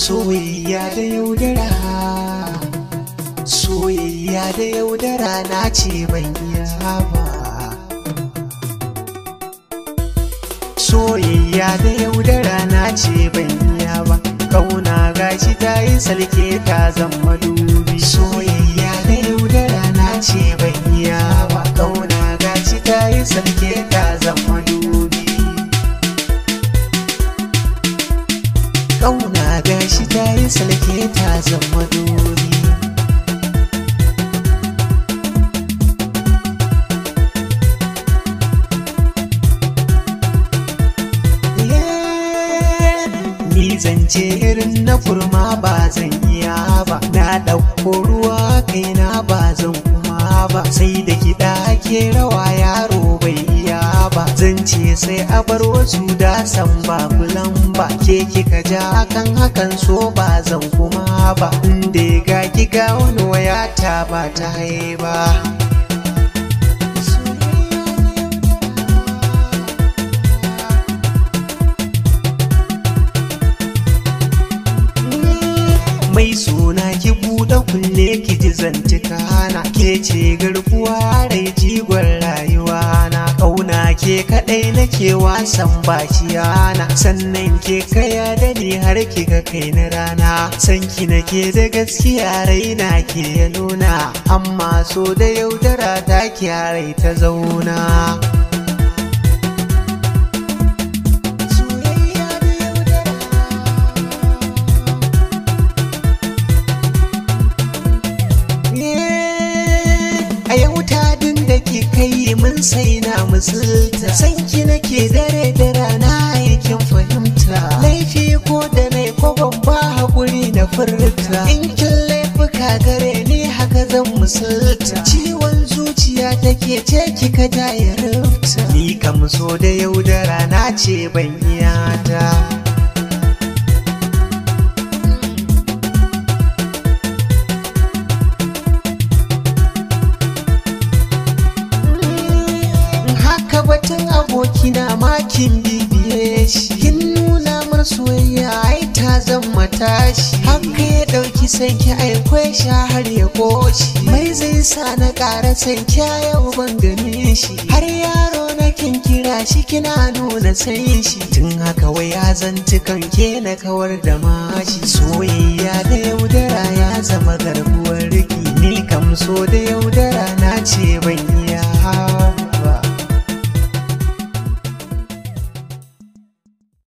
soyayya da yaudara soyayya da yaudara na ce ban iya ba soyayya da yaudara na ce ban iya ba kauna gashi ta yi salke ta zama dubi soyayya ni sulke ta zama dori zance irin na kurma ba zan iya ba na ɗauko ruwa kaina ba zan kuma ba sai da kiɗa ke rawa yaro zance sai a bar wasu da san ba kulan ba ke kika ja akan hakan so ba zan kuma ba inda ga kika wani waya ta ba ta ba. mai suna ki buɗe kulle ki ji zanci kana ke ce garkuwa rai jigon rayu ke kaɗai nake wasan yana sannan ke kaya da ni har kika kai na rana sanki nake da gaskiya raina ke ya nuna amma so da yaudara ta ki ta zauna mun sai na musulta sanki nake dare da rana yakin fahimta laifi ko da nai ko ban ba hakuri na furta in kin laifuka gare ni haka zan musulta ciwon zuciya take ce ki ka ya rufta ni kam so da yau da rana ce ban ta abokina makin bibiye shi kin nuna mar soyayya ai ta mata shi haka ya dauki sanki ai kwai sha har ya koshi mai zai sa na ƙara sanki yau ban gane shi har yaro na kin kira shi kina nuna san shi tun haka wai ya zanci kan na kawar da mashi soyayya